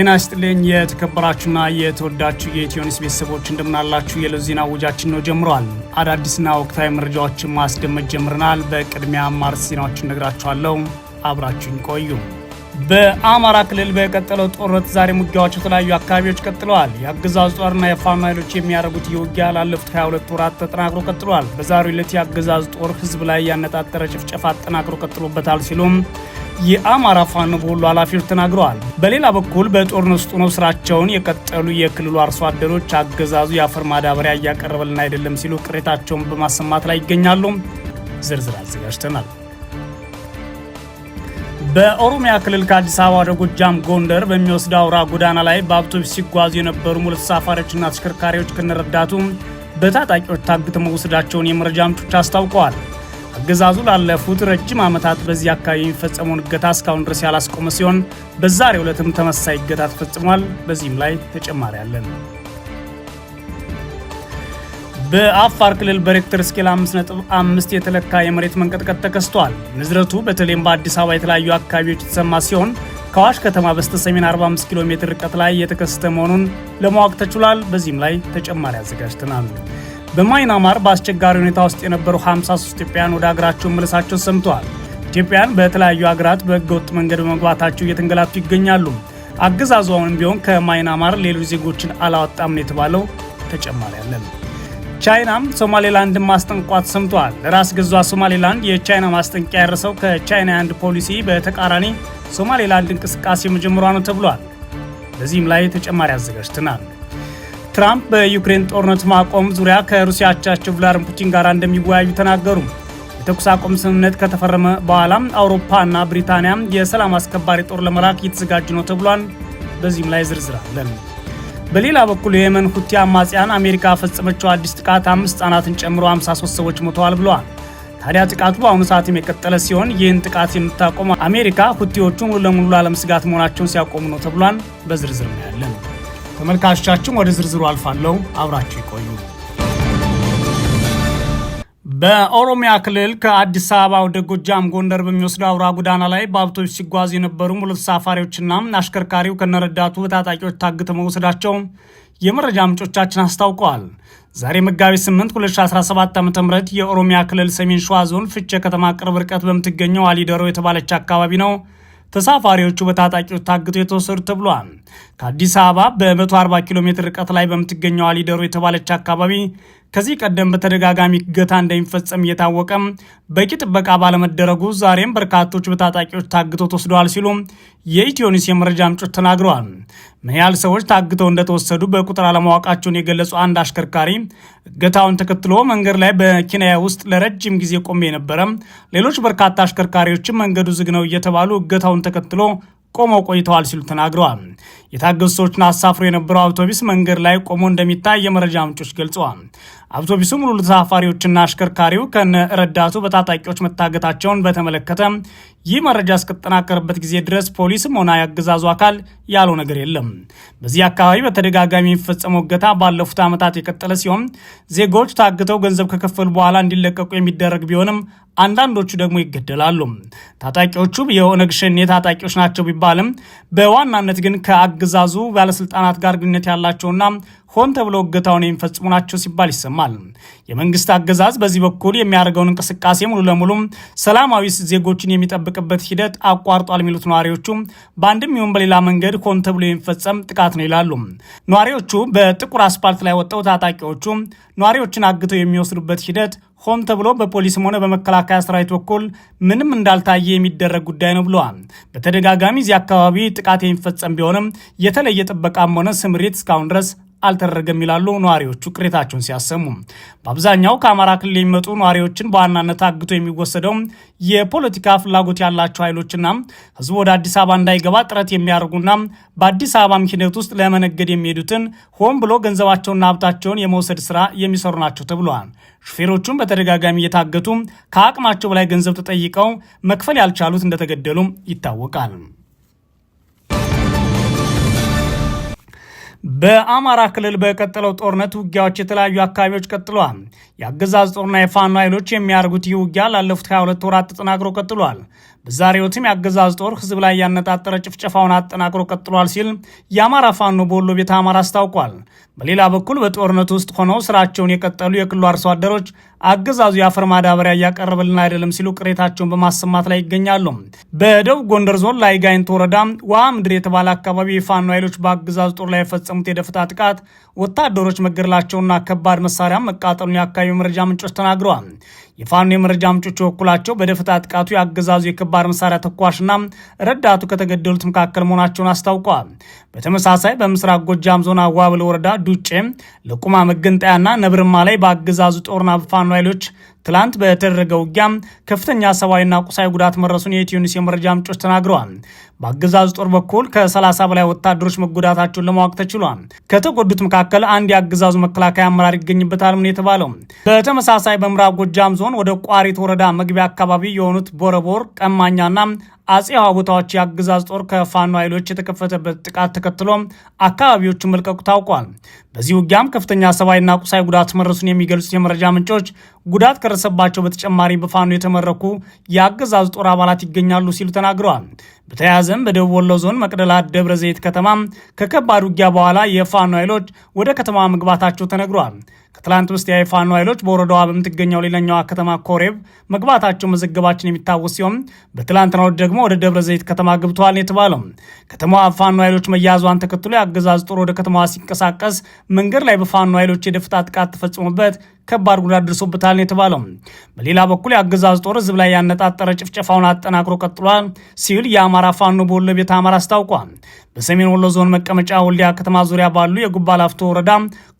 ጤና ይስጥልኝ የተከበራችሁና የተወዳችሁ የኢትዮኒስ ቤተሰቦች እንደምናላችሁ። የዕለቱ ዜና ውጃችን ነው ጀምሯል። አዳዲስና ወቅታዊ መረጃዎችን ማስደመጥ ጀምረናል። በቅድሚያ ማርስ ዜናዎችን ነግራችኋለሁ። አብራችሁን ቆዩ። በአማራ ክልል በቀጠለው ጦርነት ዛሬም ውጊያዎች የተለያዩ አካባቢዎች ቀጥለዋል። የአገዛዙ ጦርና የፋኖ ኃይሎች የሚያደርጉት የውጊያ ላለፉት 22 ወራት ተጠናክሮ ቀጥሏል። በዛሬው ዕለት የአገዛዙ ጦር ህዝብ ላይ ያነጣጠረ ጭፍጨፋ አጠናክሮ ቀጥሎበታል ሲሉም የአማራ ፋኖ በወሎ ኃላፊዎች ተናግረዋል። በሌላ በኩል በጦርነት ውስጥ ነው ስራቸውን የቀጠሉ የክልሉ አርሶ አደሮች አገዛዙ የአፈር ማዳበሪያ እያቀረበልን አይደለም ሲሉ ቅሬታቸውን በማሰማት ላይ ይገኛሉ። ዝርዝር አዘጋጅተናል። በኦሮሚያ ክልል ከአዲስ አበባ ወደ ጎጃም፣ ጎንደር በሚወስድ አውራ ጎዳና ላይ በአውቶቡስ ሲጓዙ የነበሩ ሙሉ ተሳፋሪዎችና ተሽከርካሪዎች ከነረዳቱ በታጣቂዎች ታግተው መወሰዳቸውን የመረጃ ምንጮች አስታውቀዋል። አገዛዙ ላለፉት ረጅም ዓመታት በዚህ አካባቢ የሚፈጸመውን እገታ እስካሁን ድረስ ያላስቆመ ሲሆን በዛሬው ዕለትም ተመሳሳይ እገታ ተፈጽሟል። በዚህም ላይ ተጨማሪ አለን። በአፋር ክልል በሬክተር ስኬል 5.5 የተለካ የመሬት መንቀጥቀጥ ተከስቷል። ንዝረቱ በተለይም በአዲስ አበባ የተለያዩ አካባቢዎች የተሰማ ሲሆን ከአዋሽ ከተማ በስተ ሰሜን 45 ኪሎ ሜትር ርቀት ላይ የተከሰተ መሆኑን ለማወቅ ተችሏል። በዚህም ላይ ተጨማሪ አዘጋጅተናል። በማይናማር በአስቸጋሪ ሁኔታ ውስጥ የነበሩ 53 ኢትዮጵያውያን ወደ ሀገራቸው መለሳቸው ሰምተዋል። ኢትዮጵያውያን በተለያዩ ሀገራት በህገወጥ መንገድ በመግባታቸው እየተንገላቱ ይገኛሉ። አገዛዙ አሁንም ቢሆን ከማይናማር ሌሎች ዜጎችን አላወጣም ነው የተባለው። ተጨማሪ ያለን ቻይናም ሶማሌላንድን ማስጠንቋት ሰምተዋል። ለራስ ገዟ ሶማሌላንድ የቻይና ማስጠንቂያ ያደረሰው ከቻይና የአንድ ፖሊሲ በተቃራኒ ሶማሌላንድ እንቅስቃሴ መጀመሯ ነው ተብሏል። በዚህም ላይ ተጨማሪ አዘጋጅተናል። ትራምፕ በዩክሬን ጦርነት ማቆም ዙሪያ ከሩሲያ አቻቸው ቭላድሚር ፑቲን ጋር እንደሚወያዩ ተናገሩ። የተኩስ አቁም ስምምነት ከተፈረመ በኋላም አውሮፓና ብሪታንያ የሰላም አስከባሪ ጦር ለመላክ እየተዘጋጁ ነው ተብሏል። በዚህም ላይ ዝርዝር አለን። በሌላ በኩል የየመን ሁቲ አማጽያን አሜሪካ ፈጸመችው አዲስ ጥቃት አምስት ህጻናትን ጨምሮ 53 ሰዎች ሞተዋል ብለዋል። ታዲያ ጥቃቱ በአሁኑ ሰዓት የቀጠለ ሲሆን ይህን ጥቃት የምታቆመ አሜሪካ ሁቲዎቹ ሙሉ ለሙሉ ለዓለም ስጋት መሆናቸውን ሲያቆሙ ነው ተብሏል። በዝርዝር ያለን ተመልካቾቻችን ወደ ዝርዝሩ አልፋለሁ፣ አብራችሁ ይቆዩ። በኦሮሚያ ክልል ከአዲስ አበባ ወደ ጎጃም ጎንደር በሚወስደው አውራ ጎዳና ላይ በአውቶቡስ ሲጓዝ የነበሩ ሁለት ሳፋሪዎችና አሽከርካሪው ከነረዳቱ በታጣቂዎች ታግተው መወሰዳቸው የመረጃ ምንጮቻችን አስታውቀዋል። ዛሬ መጋቢት 8 2017 ዓ ም የኦሮሚያ ክልል ሰሜን ሸዋ ዞን ፍቼ ከተማ ቅርብ ርቀት በምትገኘው አሊደሮ የተባለች አካባቢ ነው ተሳፋሪዎቹ በታጣቂዎች ታግተው የተወሰዱ ተብሏል። ከአዲስ አበባ በ140 ኪሎ ሜትር ርቀት ላይ በምትገኘው አሊደሮ የተባለች አካባቢ ከዚህ ቀደም በተደጋጋሚ እገታ እንደሚፈጸም እየታወቀም በቂ ጥበቃ ባለመደረጉ ዛሬም በርካቶች በታጣቂዎች ታግተው ተወስደዋል ሲሉ የኢትዮኒስ የመረጃ ምንጮች ተናግረዋል። ምን ያህል ሰዎች ታግተው እንደተወሰዱ በቁጥር አለማወቃቸውን የገለጹ አንድ አሽከርካሪ እገታውን ተከትሎ መንገድ ላይ በኪናያ ውስጥ ለረጅም ጊዜ ቆሜ የነበረ፣ ሌሎች በርካታ አሽከርካሪዎችም መንገዱ ዝግ ነው እየተባሉ እገታውን ተከትሎ ቆመው ቆይተዋል ሲሉ ተናግረዋል። የታገዙ ሰዎችን አሳፍሮ የነበረው አውቶቢስ መንገድ ላይ ቆሞ እንደሚታይ የመረጃ ምንጮች ገልጸዋል። አውቶቢሱ ሙሉ ተሳፋሪዎችና አሽከርካሪው ከነ ረዳቱ በታጣቂዎች መታገታቸውን በተመለከተ ይህ መረጃ እስከተጠናከረበት ጊዜ ድረስ ፖሊስም ሆነ ያገዛዙ አካል ያለው ነገር የለም። በዚህ አካባቢ በተደጋጋሚ የሚፈጸመው እገታ ባለፉት ዓመታት የቀጠለ ሲሆን ዜጎች ታግተው ገንዘብ ከከፈሉ በኋላ እንዲለቀቁ የሚደረግ ቢሆንም አንዳንዶቹ ደግሞ ይገደላሉ። ታጣቂዎቹ የኦነግ ሸኔ ታጣቂዎች ናቸው ቢባልም በዋናነት ግን ከአ ከአገዛዙ ባለስልጣናት ጋር ግንኙነት ያላቸውና ሆን ተብሎ እገታውን የሚፈጽሙ ናቸው ሲባል ይሰማል። የመንግስት አገዛዝ በዚህ በኩል የሚያደርገውን እንቅስቃሴ ሙሉ ለሙሉ ሰላማዊ ዜጎችን የሚጠብቅበት ሂደት አቋርጧል የሚሉት ነዋሪዎቹ በአንድም ይሁን በሌላ መንገድ ሆን ተብሎ የሚፈጸም ጥቃት ነው ይላሉ። ነዋሪዎቹ በጥቁር አስፓልት ላይ ወጣው ታጣቂዎቹ ነዋሪዎችን አግተው የሚወስዱበት ሂደት ሆም ተብሎ በፖሊስም ሆነ በመከላከያ ሰራዊት በኩል ምንም እንዳልታየ የሚደረግ ጉዳይ ነው ብለዋል። በተደጋጋሚ እዚህ አካባቢ ጥቃት የሚፈጸም ቢሆንም የተለየ ጥበቃም ሆነ ስምሪት እስካሁን ድረስ አልተደረገም ይላሉ ነዋሪዎቹ ቅሬታቸውን ሲያሰሙ። በአብዛኛው ከአማራ ክልል የሚመጡ ነዋሪዎችን በዋናነት አግቶ የሚወሰደው የፖለቲካ ፍላጎት ያላቸው ኃይሎችና ህዝቡ ወደ አዲስ አበባ እንዳይገባ ጥረት የሚያደርጉና በአዲስ አበባ ሂደት ውስጥ ለመነገድ የሚሄዱትን ሆን ብሎ ገንዘባቸውና ሀብታቸውን የመውሰድ ስራ የሚሰሩ ናቸው ተብለዋል። ሹፌሮቹም በተደጋጋሚ እየታገቱ ከአቅማቸው በላይ ገንዘብ ተጠይቀው መክፈል ያልቻሉት እንደተገደሉ ይታወቃል። በአማራ ክልል በቀጠለው ጦርነት ውጊያዎች የተለያዩ አካባቢዎች ቀጥሏል። የአገዛዝ ጦርና የፋኖ ኃይሎች የሚያደርጉት ይህ ውጊያ ላለፉት 22 ወራት ተጠናክሮ ቀጥሏል። በዛሬው ዕለትም የአገዛዝ ጦር ህዝብ ላይ ያነጣጠረ ጭፍጨፋውን አጠናክሮ ቀጥሏል ሲል የአማራ ፋኖ በወሎ ቤተ አማራ አስታውቋል። በሌላ በኩል በጦርነት ውስጥ ሆነው ስራቸውን የቀጠሉ የክልሉ አርሶ አደሮች አገዛዙ የአፈር ማዳበሪያ እያቀረበልን አይደለም ሲሉ ቅሬታቸውን በማሰማት ላይ ይገኛሉ። በደቡብ ጎንደር ዞን ላይ ጋይንት ወረዳ ውሃ ምድር የተባለ አካባቢ የፋኖ ኃይሎች በአገዛዝ ጦር ላይ የፈጸሙት የደፈጣ ጥቃት ወታደሮች መገደላቸውና ከባድ መሳሪያ መቃጠሉን የአካባቢ መረጃ ምንጮች ተናግረዋል። የፋኖ የመረጃ ምንጮች በበኩላቸው በደፈጣ ጥቃቱ የአገዛዙ የከባድ መሳሪያ ተኳሽና ረዳቱ ከተገደሉት መካከል መሆናቸውን አስታውቀዋል። በተመሳሳይ በምስራቅ ጎጃም ዞን አዋብል ወረዳ ዱጬ፣ ለቁማ መገንጠያና ነብርማ ላይ በአገዛዙ ጦርና በፋኖ ኃይሎች ትላንት በተደረገው ውጊያም ከፍተኛ ሰብአዊና ቁሳዊ ጉዳት መረሱን የኢትዮኒስ የመረጃ ምንጮች ተናግረዋል። በአገዛዙ ጦር በኩል ከ30 በላይ ወታደሮች መጎዳታቸውን ለማወቅ ተችሏል። ከተጎዱት መካከል አንድ የአገዛዙ መከላከያ አመራር ይገኝበታል ነው የተባለው። በተመሳሳይ በምዕራብ ጎጃም ዞን ወደ ቋሪት ወረዳ መግቢያ አካባቢ የሆኑት ቦረቦር ቀማኛና አጼ ቦታዎች የአገዛዝ ጦር ከፋኖ ኃይሎች የተከፈተበት ጥቃት ተከትሎም አካባቢዎቹን መልቀቁ ታውቋል። በዚህ ውጊያም ከፍተኛ ሰብአዊና ቁሳዊ ጉዳት መረሱን የሚገልጹት የመረጃ ምንጮች ጉዳት ከደረሰባቸው በተጨማሪ በፋኖ የተመረኩ የአገዛዝ ጦር አባላት ይገኛሉ ሲሉ ተናግረዋል። በተያያዘም በደቡብ ወሎ ዞን መቅደላ ደብረ ዘይት ከተማ ከከባድ ውጊያ በኋላ የፋኖ ኃይሎች ወደ ከተማ መግባታቸው ተነግሯል። ከትላንት ውስጥ የፋኖ ኃይሎች በወረዳዋ በምትገኘው ሌላኛዋ ከተማ ኮሬብ መግባታቸው መዘገባችን የሚታወስ ሲሆን በትላንትናው ደግሞ ወደ ደብረ ዘይት ከተማ ገብተዋል የተባለው ከተማዋ ፋኖ ኃይሎች መያዟን ተከትሎ የአገዛዝ ጦር ወደ ከተማዋ ሲንቀሳቀስ መንገድ ላይ በፋኖ ኃይሎች የደፈጣ ጥቃት ተፈጽሞበት ከባድ ጉዳት ደርሶበታል የተባለው። በሌላ በኩል የአገዛዝ ጦር ህዝብ ላይ ያነጣጠረ ጭፍጨፋውን አጠናክሮ ቀጥሏል ሲል የአማራ ፋኖ በወሎ ቤተ አማራ አስታውቋል። በሰሜን ወሎ ዞን መቀመጫ ወልዲያ ከተማ ዙሪያ ባሉ የጉባ ላፍቶ ወረዳ፣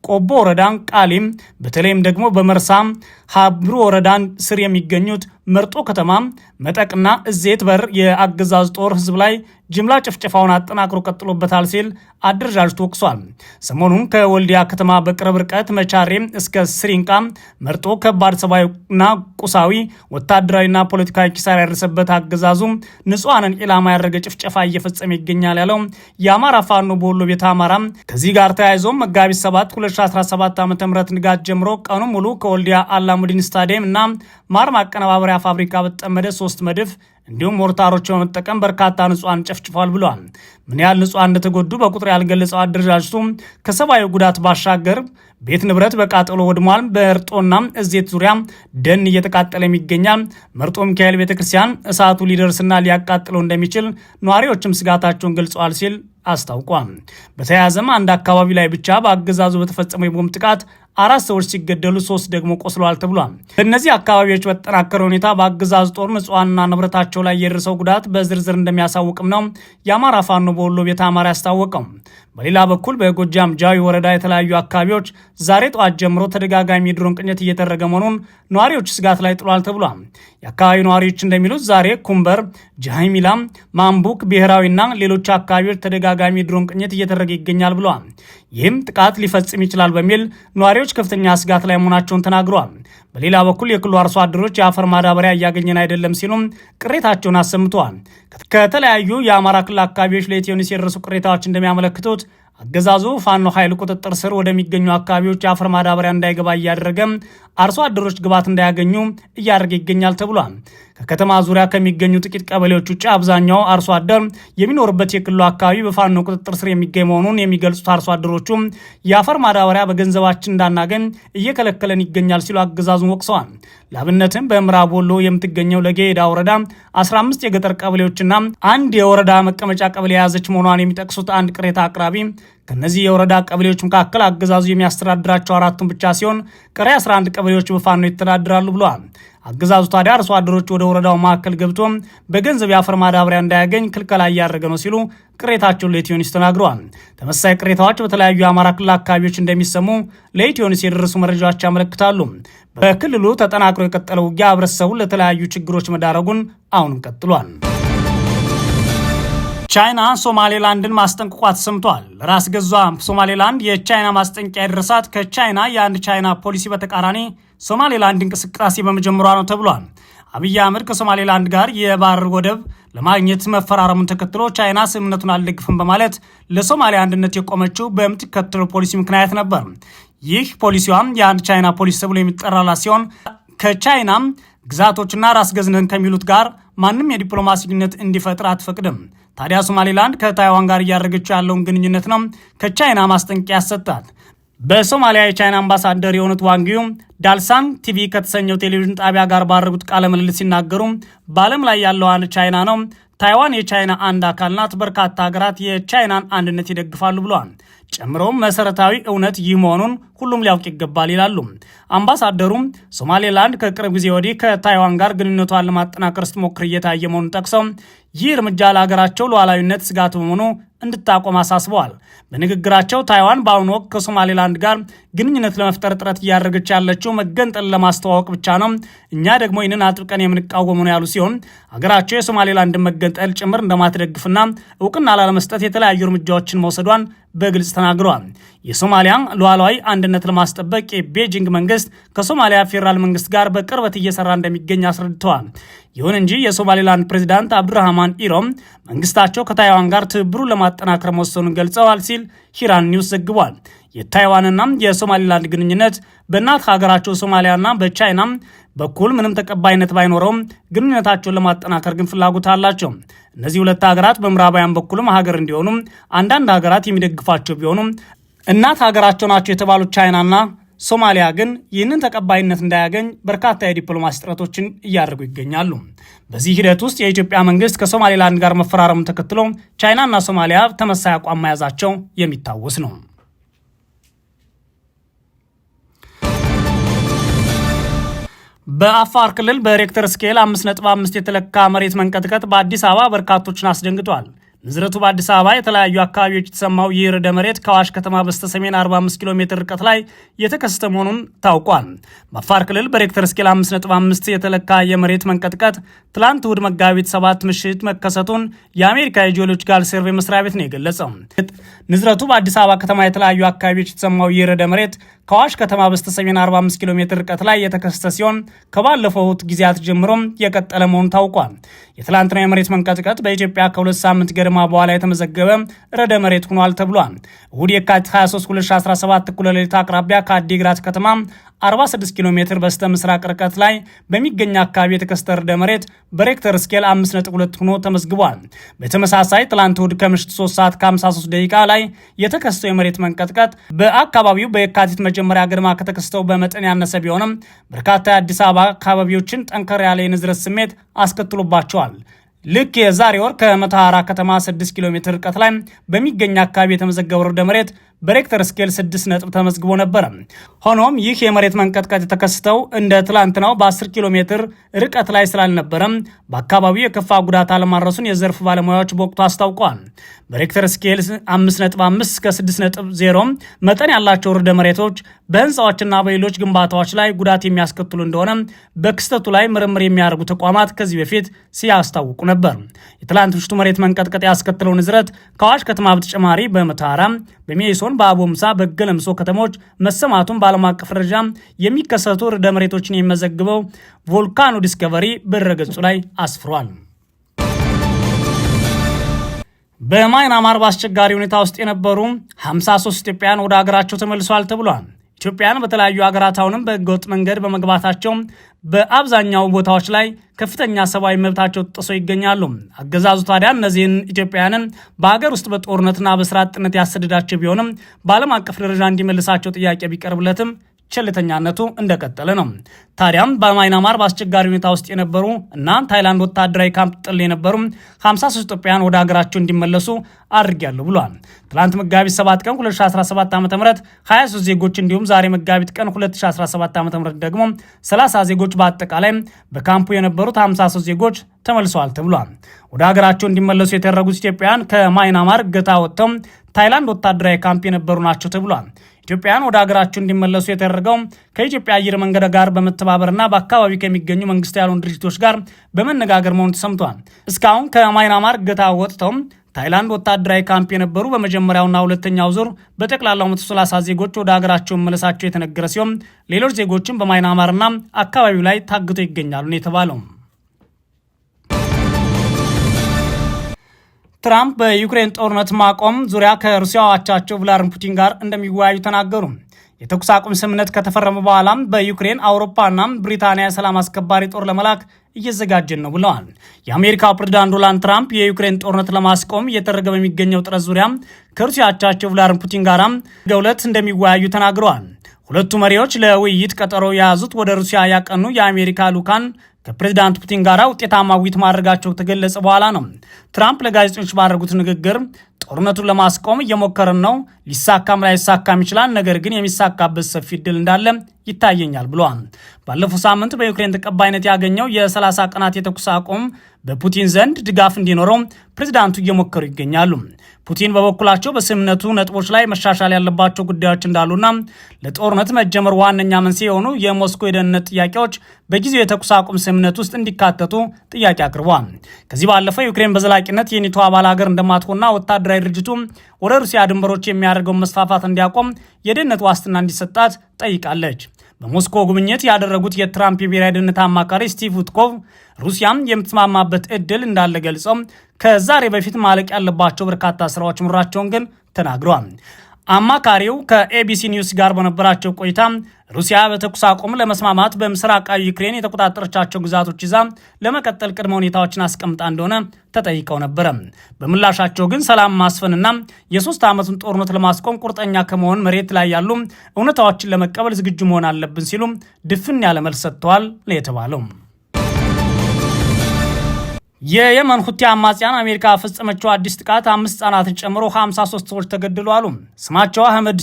ቆቦ ወረዳ፣ ቃሊም በተለይም ደግሞ በመርሳ ሀብሩ ወረዳን ስር የሚገኙት መርጦ ከተማ፣ መጠቅና እዜት በር የአገዛዝ ጦር ህዝብ ላይ ጅምላ ጭፍጨፋውን አጠናክሮ ቀጥሎበታል ሲል አደረጃጅቱ ወቅሷል። ሰሞኑን ከወልዲያ ከተማ በቅርብ ርቀት መቻሬ እስከ ስሪንቃ መርጦ ከባድ ሰብአዊና ቁሳዊ ወታደራዊና ፖለቲካዊ ኪሳራ ያደረሰበት አገዛዙ ንጹሐንን ኢላማ ያደረገ ጭፍጨፋ እየፈጸመ ይገኛል ያለው የአማራ ፋኖ በወሎ ቤተ አማራ ከዚህ ጋር ተያይዞም መጋቢት 7 2017 ዓ ም ንጋት ጀምሮ ቀኑ ሙሉ ከወልዲያ አላሙዲን ስታዲየም እና ማርማ ማቀነባበሪያ ፋብሪካ በተጠመደ ሶስት መድፍ እንዲሁም ሞርታሮች በመጠቀም በርካታ ንጹሐን ጨፍጭፏል ብሏል። ምን ያህል ንጹሐን እንደተጎዱ በቁጥር ያልገለጸው አደረጃጅቱ ከሰብአዊ ጉዳት ባሻገር ቤት ንብረት በቃጠሎ ወድሟል። በእርጦና እዜት ዙሪያ ደን እየተቃጠለ ይገኛል። መርጦ ሚካኤል ቤተክርስቲያን እሳቱ ሊደርስና ሊያቃጥለው እንደሚችል ነዋሪዎችም ስጋታቸውን ገልጸዋል ሲል አስታውቋል። በተያያዘም አንድ አካባቢ ላይ ብቻ በአገዛዙ በተፈጸመው የቦምብ ጥቃት አራት ሰዎች ሲገደሉ ሶስት ደግሞ ቆስለዋል ተብሏል። በእነዚህ አካባቢዎች በተጠናከረ ሁኔታ በአገዛዝ ጦር ምጽዋንና ንብረታቸው ላይ የደረሰው ጉዳት በዝርዝር እንደሚያሳውቅም ነው የአማራ ፋኖ በወሎ ቤተ አማራ ያስታወቀው። በሌላ በኩል በጎጃም ጃዊ ወረዳ የተለያዩ አካባቢዎች ዛሬ ጠዋት ጀምሮ ተደጋጋሚ የድሮን ቅኝት እየተደረገ መሆኑን ነዋሪዎች ስጋት ላይ ጥሏል ተብሏል። የአካባቢው ነዋሪዎች እንደሚሉት ዛሬ ኩምበር፣ ጃሃይሚላም፣ ማምቡክ ብሔራዊና ሌሎች አካባቢዎች ተደጋጋሚ የድሮን ቅኝት እየተደረገ ይገኛል ብለዋል። ይህም ጥቃት ሊፈጽም ይችላል በሚል ነዋሪዎች ከፍተኛ ስጋት ላይ መሆናቸውን ተናግረዋል። በሌላ በኩል የክልሉ አርሶ አደሮች የአፈር ማዳበሪያ እያገኘን አይደለም ሲሉም ቅሬታቸውን አሰምተዋል። ከተለያዩ የአማራ ክልል አካባቢዎች ለኢትዮኒስ የደረሱ ቅሬታዎች እንደሚያመለክቱት አገዛዙ ፋኖ ኃይል ቁጥጥር ስር ወደሚገኙ አካባቢዎች የአፈር ማዳበሪያ እንዳይገባ እያደረገ አርሶ አደሮች ግብዓት እንዳያገኙ እያደረገ ይገኛል ተብሏል። ከከተማ ዙሪያ ከሚገኙ ጥቂት ቀበሌዎች ውጭ አብዛኛው አርሶ አደር የሚኖርበት የክልሉ አካባቢ በፋኖ ቁጥጥር ስር የሚገኝ መሆኑን የሚገልጹት አርሶ አደሮቹም የአፈር ማዳበሪያ በገንዘባችን እንዳናገኝ እየከለከለን ይገኛል ሲሉ አገዛዙን ወቅሰዋል። ለአብነትም በምዕራብ ወሎ የምትገኘው ለጌዳ ወረዳ 15 የገጠር ቀበሌዎችና አንድ የወረዳ መቀመጫ ቀበሌ የያዘች መሆኗን የሚጠቅሱት አንድ ቅሬታ አቅራቢ ከእነዚህ የወረዳ ቀበሌዎች መካከል አገዛዙ የሚያስተዳድራቸው አራቱን ብቻ ሲሆን ቀሪ 11 ቀበሌዎች በፋኖ ይተዳድራሉ ብለዋል። አገዛዙ ታዲያ አርሶ አደሮች ወደ ወረዳው መካከል ገብቶ በገንዘብ የአፈር ማዳበሪያ እንዳያገኝ ክልከላ እያደረገ ነው ሲሉ ቅሬታቸውን ለኢትዮኒስ ተናግረዋል። ተመሳሳይ ቅሬታዎች በተለያዩ የአማራ ክልል አካባቢዎች እንደሚሰሙ ለኢትዮኒስ የደረሱ መረጃዎች ያመለክታሉ። በክልሉ ተጠናክሮ የቀጠለው ውጊያ ህብረተሰቡን ለተለያዩ ችግሮች መዳረጉን አሁንም ቀጥሏል። ቻይና ሶማሌላንድን ማስጠንቀቋ ተሰምቷል። ራስ ገዟ ሶማሌላንድ የቻይና ማስጠንቀቂያ የደረሳት ከቻይና የአንድ ቻይና ፖሊሲ በተቃራኒ ሶማሌላንድ እንቅስቃሴ በመጀመሯ ነው ተብሏል። አብይ አህመድ ከሶማሌላንድ ጋር የባህር ወደብ ለማግኘት መፈራረሙን ተከትሎ ቻይና ስምምነቱን አልደግፍም በማለት ለሶማሊያ አንድነት የቆመችው በምትከተለው ፖሊሲ ምክንያት ነበር። ይህ ፖሊሲዋም የአንድ ቻይና ፖሊሲ ተብሎ የሚጠራላት ሲሆን ከቻይናም ግዛቶችና ራስ ገዝነን ከሚሉት ጋር ማንም የዲፕሎማሲ ግንኙነት እንዲፈጥር አትፈቅድም። ታዲያ ሶማሌላንድ ከታይዋን ጋር እያደረገችው ያለውን ግንኙነት ነው ከቻይና ማስጠንቀቂያ ያሰጣት። በሶማሊያ የቻይና አምባሳደር የሆኑት ዋንጊዩ ዳልሳን ቲቪ ከተሰኘው ቴሌቪዥን ጣቢያ ጋር ባደረጉት ቃለ ምልልስ ሲናገሩ በዓለም ላይ ያለው ቻይና ነው ታይዋን የቻይና አንድ አካል ናት። በርካታ ሀገራት የቻይናን አንድነት ይደግፋሉ ብለዋል። ጨምሮም መሰረታዊ እውነት ይህ መሆኑን ሁሉም ሊያውቅ ይገባል ይላሉ አምባሳደሩም። ሶማሌላንድ ከቅርብ ጊዜ ወዲህ ከታይዋን ጋር ግንኙነቷን ለማጠናከር ስትሞክር እየታየ መሆኑን ጠቅሰው ይህ እርምጃ ለሀገራቸው ሉዓላዊነት ስጋት በመሆኑ እንድታቆም አሳስበዋል። በንግግራቸው ታይዋን በአሁኑ ወቅት ከሶማሌላንድ ጋር ግንኙነት ለመፍጠር ጥረት እያደረገች ያለችው መገንጠል ለማስተዋወቅ ብቻ ነው፣ እኛ ደግሞ ይህንን አጥብቀን የምንቃወሙ ነው ያሉ ሲሆን ሀገራቸው የሶማሌላንድን መገንጠል ጭምር እንደማትደግፍና እውቅና ላለመስጠት የተለያዩ እርምጃዎችን መውሰዷን በግልጽ ተናግረዋል። የሶማሊያ ሉዓላዊ አንድነት ለማስጠበቅ የቤጂንግ መንግስት ከሶማሊያ ፌዴራል መንግስት ጋር በቅርበት እየሰራ እንደሚገኝ አስረድተዋል። ይሁን እንጂ የሶማሌላንድ ፕሬዚዳንት አብዱራህማን ኢሮም መንግስታቸው ከታይዋን ጋር ትብብሩን ለማጠናከር መወሰኑን ገልጸዋል ሲል ሂራን ኒውስ ዘግቧል። የታይዋንና የሶማሌላንድ ግንኙነት በእናት ሀገራቸው ሶማሊያና በቻይና በኩል ምንም ተቀባይነት ባይኖረውም ግንኙነታቸውን ለማጠናከር ግን ፍላጎት አላቸው። እነዚህ ሁለት ሀገራት በምዕራባውያን በኩልም ሀገር እንዲሆኑም አንዳንድ ሀገራት የሚደግፋቸው ቢሆኑም እናት ሀገራቸው ናቸው የተባሉት ቻይናና ሶማሊያ ግን ይህንን ተቀባይነት እንዳያገኝ በርካታ የዲፕሎማሲ ጥረቶችን እያደረጉ ይገኛሉ። በዚህ ሂደት ውስጥ የኢትዮጵያ መንግስት ከሶማሌላንድ ጋር መፈራረሙን ተከትሎ ቻይናና ሶማሊያ ተመሳይ አቋም መያዛቸው የሚታወስ ነው። በአፋር ክልል በሬክተር ስኬል 5.5 የተለካ መሬት መንቀጥቀጥ በአዲስ አበባ በርካቶችን አስደንግጧል። ምዝረቱ በአዲስ አበባ የተለያዩ አካባቢዎች የተሰማው ይህ ርዕደ መሬት ከአዋሽ ከተማ በስተሰሜን 45 ኪሎ ሜትር ርቀት ላይ የተከሰተ መሆኑን ታውቋል። በአፋር ክልል በሬክተር ስኬል 5.5 የተለካ የመሬት መንቀጥቀጥ ትላንት እሁድ መጋቢት ሰባት ምሽት መከሰቱን የአሜሪካ የጂኦሎጂካል ሰርቬ መስሪያ ቤት ነው የገለጸው። ንዝረቱ በአዲስ አበባ ከተማ የተለያዩ አካባቢዎች የተሰማው ይህ ርዕደ መሬት ከአዋሽ ከተማ በስተሰሜን 45 ኪሎ ሜትር ርቀት ላይ የተከሰተ ሲሆን ከባለፉት ጊዜያት ጀምሮም የቀጠለ መሆኑ ታውቋል። የትላንትናው የመሬት መንቀጥቀጥ በኢትዮጵያ ከሁለት ሳምንት ገ ከአድማ በኋላ የተመዘገበ ረደ መሬት ሆኗል ተብሏል። እሁድ የካቲት 23 2017 እኩለ ሌሊት አቅራቢያ ከአዲግራት ከተማ 46 ኪሎ ሜትር በስተ ምስራቅ ርቀት ላይ በሚገኝ አካባቢ የተከሰተ ርዕደ መሬት በሬክተር ስኬል 5.2 ሆኖ ተመዝግቧል። በተመሳሳይ ትላንት እሁድ ከምሽት 3 ሰዓት ከ53 ደቂቃ ላይ የተከሰተው የመሬት መንቀጥቀጥ በአካባቢው በየካቲት መጀመሪያ ገድማ ከተከሰተው በመጠን ያነሰ ቢሆንም በርካታ የአዲስ አበባ አካባቢዎችን ጠንከር ያለ የንዝረት ስሜት አስከትሎባቸዋል። ልክ የዛሬ ወር ከመተሃራ ከተማ 6 ኪሎ ሜትር ርቀት ላይ በሚገኝ አካባቢ የተመዘገበ ርዕደ መሬት በሬክተር ስኬል 6 ነጥብ ተመዝግቦ ነበረ። ሆኖም ይህ የመሬት መንቀጥቀጥ የተከሰተው እንደ ትላንትናው በ10 ኪሎ ሜትር ርቀት ላይ ስላልነበረም በአካባቢው የከፋ ጉዳት አለማድረሱን የዘርፍ ባለሙያዎች በወቅቱ አስታውቀዋል። በሬክተር ስኬል 5.5 6.0 መጠን ያላቸው ርዕደ መሬቶች በህንፃዎችና በሌሎች ግንባታዎች ላይ ጉዳት የሚያስከትሉ እንደሆነ በክስተቱ ላይ ምርምር የሚያደርጉ ተቋማት ከዚህ በፊት ሲያስታውቁ ነበር። የትላንት ምሽቱ መሬት መንቀጥቀጥ ያስከትለውን ዝረት ከአዋሽ ከተማ በተጨማሪ በመተሃራ በሚሶ ሲሆን በአቦምሳ በገለምሶ ከተሞች መሰማቱን በዓለም አቀፍ ደረጃ የሚከሰቱ ርዕደ መሬቶችን የሚመዘግበው ቮልካኖ ዲስከቨሪ በድረገጹ ላይ አስፍሯል። በማይናማር በአስቸጋሪ ሁኔታ ውስጥ የነበሩ 53 ኢትዮጵያውያን ወደ ሀገራቸው ተመልሷል ተብሏል። ኢትዮጵያን በተለያዩ ሀገራት አሁንም በህገወጥ መንገድ በመግባታቸው በአብዛኛው ቦታዎች ላይ ከፍተኛ ሰብአዊ መብታቸው ጥሰው ይገኛሉ። አገዛዙ ታዲያ እነዚህን ኢትዮጵያውያንን በሀገር ውስጥ በጦርነትና በስራ አጥነት ያሰደዳቸው ቢሆንም በዓለም አቀፍ ደረጃ እንዲመልሳቸው ጥያቄ ቢቀርብለትም ቸልተኛነቱ እንደቀጠለ ነው። ታዲያም በማይናማር በአስቸጋሪ ሁኔታ ውስጥ የነበሩ እና ታይላንድ ወታደራዊ ካምፕ ጥል የነበሩ 53 ኢትዮጵያውያን ወደ ሀገራቸው እንዲመለሱ አድርጊያለሁ ብሏል። ትላንት መጋቢት 7 ቀን 2017 ዓ ም 23 ዜጎች እንዲሁም ዛሬ መጋቢት ቀን 2017 ዓ ም ደግሞ 30 ዜጎች በአጠቃላይ በካምፑ የነበሩት 53 ዜጎች ተመልሰዋል ተብሏል። ወደ ሀገራቸው እንዲመለሱ የተደረጉት ኢትዮጵያውያን ከማይናማር ገታ ወጥተው ታይላንድ ወታደራዊ ካምፕ የነበሩ ናቸው ተብሏል። ኢትዮጵያውያን ወደ ሀገራቸው እንዲመለሱ የተደረገው ከኢትዮጵያ አየር መንገድ ጋር በመተባበርና በአካባቢ ከሚገኙ መንግስት ያልሆኑ ድርጅቶች ጋር በመነጋገር መሆኑ ተሰምቷል። እስካሁን ከማይናማር ገታ ወጥተው ታይላንድ ወታደራዊ ካምፕ የነበሩ በመጀመሪያውና ሁለተኛው ዙር በጠቅላላው 130 ዜጎች ወደ ሀገራቸው መለሳቸው የተነገረ ሲሆን ሌሎች ዜጎችም በማይናማርና አካባቢው ላይ ታግተው ይገኛሉ የተባለው። ትራምፕ በዩክሬን ጦርነት ማቆም ዙሪያ ከሩሲያ አቻቸው ቭላድሚር ፑቲን ጋር እንደሚወያዩ ተናገሩ። የተኩስ አቁም ስምምነት ከተፈረመ በኋላም በዩክሬን አውሮፓና ብሪታንያ የሰላም አስከባሪ ጦር ለመላክ እየዘጋጀን ነው ብለዋል። የአሜሪካው ፕሬዚዳንት ዶናልድ ትራምፕ የዩክሬን ጦርነት ለማስቆም እየተደረገ በሚገኘው ጥረት ዙሪያ ከሩሲያ አቻቸው ቭላድሚር ፑቲን ጋር ደውለት እንደሚወያዩ ተናግረዋል። ሁለቱ መሪዎች ለውይይት ቀጠሮ የያዙት ወደ ሩሲያ ያቀኑ የአሜሪካ ልዑካን ከፕሬዚዳንት ፑቲን ጋር ውጤታማ ውይይት ማድረጋቸው ተገለጸ በኋላ ነው። ትራምፕ ለጋዜጠኞች ባደረጉት ንግግር ጦርነቱን ለማስቆም እየሞከርን ነው፣ ሊሳካም ላይሳካም ይችላል፣ ነገር ግን የሚሳካበት ሰፊ እድል እንዳለ ይታየኛል ብሏል። ባለፈው ሳምንት በዩክሬን ተቀባይነት ያገኘው የ30 ቀናት የተኩስ አቁም በፑቲን ዘንድ ድጋፍ እንዲኖረው ፕሬዚዳንቱ እየሞከሩ ይገኛሉ። ፑቲን በበኩላቸው በስምምነቱ ነጥቦች ላይ መሻሻል ያለባቸው ጉዳዮች እንዳሉና ለጦርነት መጀመር ዋነኛ መንስኤ የሆኑ የሞስኮ የደህንነት ጥያቄዎች በጊዜው የተኩስ አቁም ስምምነት ውስጥ እንዲካተቱ ጥያቄ አቅርቧል። ከዚህ ባለፈ ዩክሬን በዘላቂነት የኔቶ አባል ሀገር እንደማትሆንና ወታደራዊ ድርጅቱ ወደ ሩሲያ ድንበሮች የሚያደርገውን መስፋፋት እንዲያቆም የደህንነት ዋስትና እንዲሰጣት ጠይቃለች። በሞስኮ ጉብኝት ያደረጉት የትራምፕ የብሔራዊ ደህንነት አማካሪ ስቲቭ ውትኮቭ ሩሲያም የምትስማማበት እድል እንዳለ ገልጸው ከዛሬ በፊት ማለቅ ያለባቸው በርካታ ስራዎች ምራቸውን ግን ተናግረዋል። አማካሪው ከኤቢሲ ኒውስ ጋር በነበራቸው ቆይታ ሩሲያ በተኩስ አቁም ለመስማማት በምስራቃዊ ዩክሬን የተቆጣጠረቻቸው ግዛቶች ይዛ ለመቀጠል ቅድመ ሁኔታዎችን አስቀምጣ እንደሆነ ተጠይቀው ነበረ። በምላሻቸው ግን ሰላም ማስፈንና የሶስት ዓመቱን ጦርነት ለማስቆም ቁርጠኛ ከመሆን መሬት ላይ ያሉ እውነታዎችን ለመቀበል ዝግጁ መሆን አለብን ሲሉ ድፍን ያለ መልስ ሰጥተዋል የተባለው። የየመን ሁቲ አማጽያን አሜሪካ ፈጸመችው አዲስ ጥቃት አምስት ህጻናትን ጨምሮ 53 ሰዎች ተገድሉ አሉ። ስማቸው አህመድ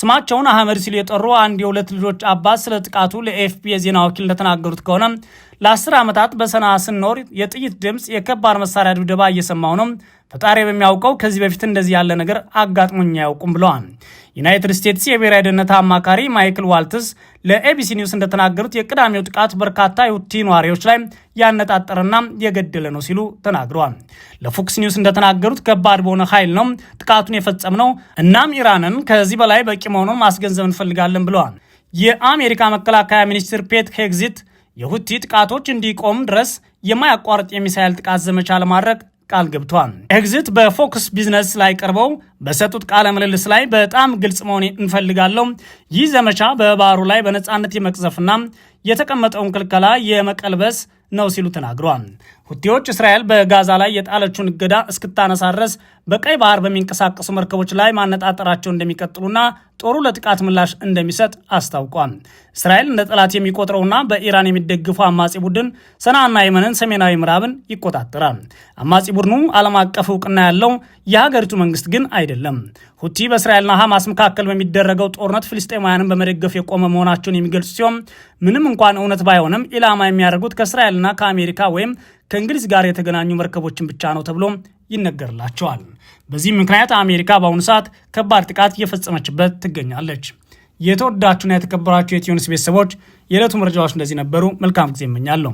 ስማቸውን አህመድ ሲል የጠሩ አንድ የሁለት ልጆች አባት ስለ ጥቃቱ ለኤፍፒ የዜና ወኪል እንደተናገሩት ከሆነ ለአስር ዓመታት በሰና ስኖር የጥይት ድምፅ፣ የከባድ መሳሪያ ድብደባ እየሰማው ነው። ፈጣሪ በሚያውቀው ከዚህ በፊት እንደዚህ ያለ ነገር አጋጥሞኝ አያውቁም ብለዋል። ዩናይትድ ስቴትስ የብሔራዊ ደህንነት አማካሪ ማይክል ዋልትስ ለኤቢሲ ኒውስ እንደተናገሩት የቅዳሜው ጥቃት በርካታ የሁቲ ነዋሪዎች ላይ ያነጣጠረና የገደለ ነው ሲሉ ተናግረዋል። ለፎክስ ኒውስ እንደተናገሩት ከባድ በሆነ ኃይል ነው ጥቃቱን የፈጸምነው። እናም ኢራንን ከዚህ በላይ በቂ መሆኑን ማስገንዘብ እንፈልጋለን ብለዋል። የአሜሪካ መከላከያ ሚኒስትር ፔት ሄግዚት የሁቲ ጥቃቶች እንዲቆም ድረስ የማያቋርጥ የሚሳኤል ጥቃት ዘመቻ ለማድረግ ቃል ገብቷል። ኤግዚት በፎክስ ቢዝነስ ላይ ቀርበው በሰጡት ቃለ ምልልስ ላይ በጣም ግልጽ መሆን እንፈልጋለሁ። ይህ ዘመቻ በባህሩ ላይ በነፃነት የመቅዘፍና የተቀመጠውን ክልከላ የመቀልበስ ነው ሲሉ ተናግረዋል። ሁቲዎች እስራኤል በጋዛ ላይ የጣለችውን እገዳ እስክታነሳ ድረስ በቀይ ባህር በሚንቀሳቀሱ መርከቦች ላይ ማነጣጠራቸው እንደሚቀጥሉና ጦሩ ለጥቃት ምላሽ እንደሚሰጥ አስታውቋል። እስራኤል እንደ ጠላት የሚቆጥረውና በኢራን የሚደግፉ አማጺ ቡድን ሰናና የመንን፣ ሰሜናዊ ምዕራብን ይቆጣጠራል። አማጺ ቡድኑ ዓለም አቀፍ እውቅና ያለው የሀገሪቱ መንግስት ግን አይደለም። ሁቲ በእስራኤልና ሐማስ መካከል በሚደረገው ጦርነት ፍልስጤማውያንን በመደገፍ የቆመ መሆናቸውን የሚገልጹ ሲሆን ምንም እንኳን እውነት ባይሆንም ኢላማ የሚያደርጉት ከእስራኤልና ከአሜሪካ ወይም ከእንግሊዝ ጋር የተገናኙ መርከቦችን ብቻ ነው ተብሎ ይነገርላቸዋል። በዚህ ምክንያት አሜሪካ በአሁኑ ሰዓት ከባድ ጥቃት እየፈጸመችበት ትገኛለች። የተወዳችሁና የተከበራችሁ የኢትዮ ኒውስ ቤተሰቦች የዕለቱ መረጃዎች እንደዚህ ነበሩ። መልካም ጊዜ እመኛለሁ።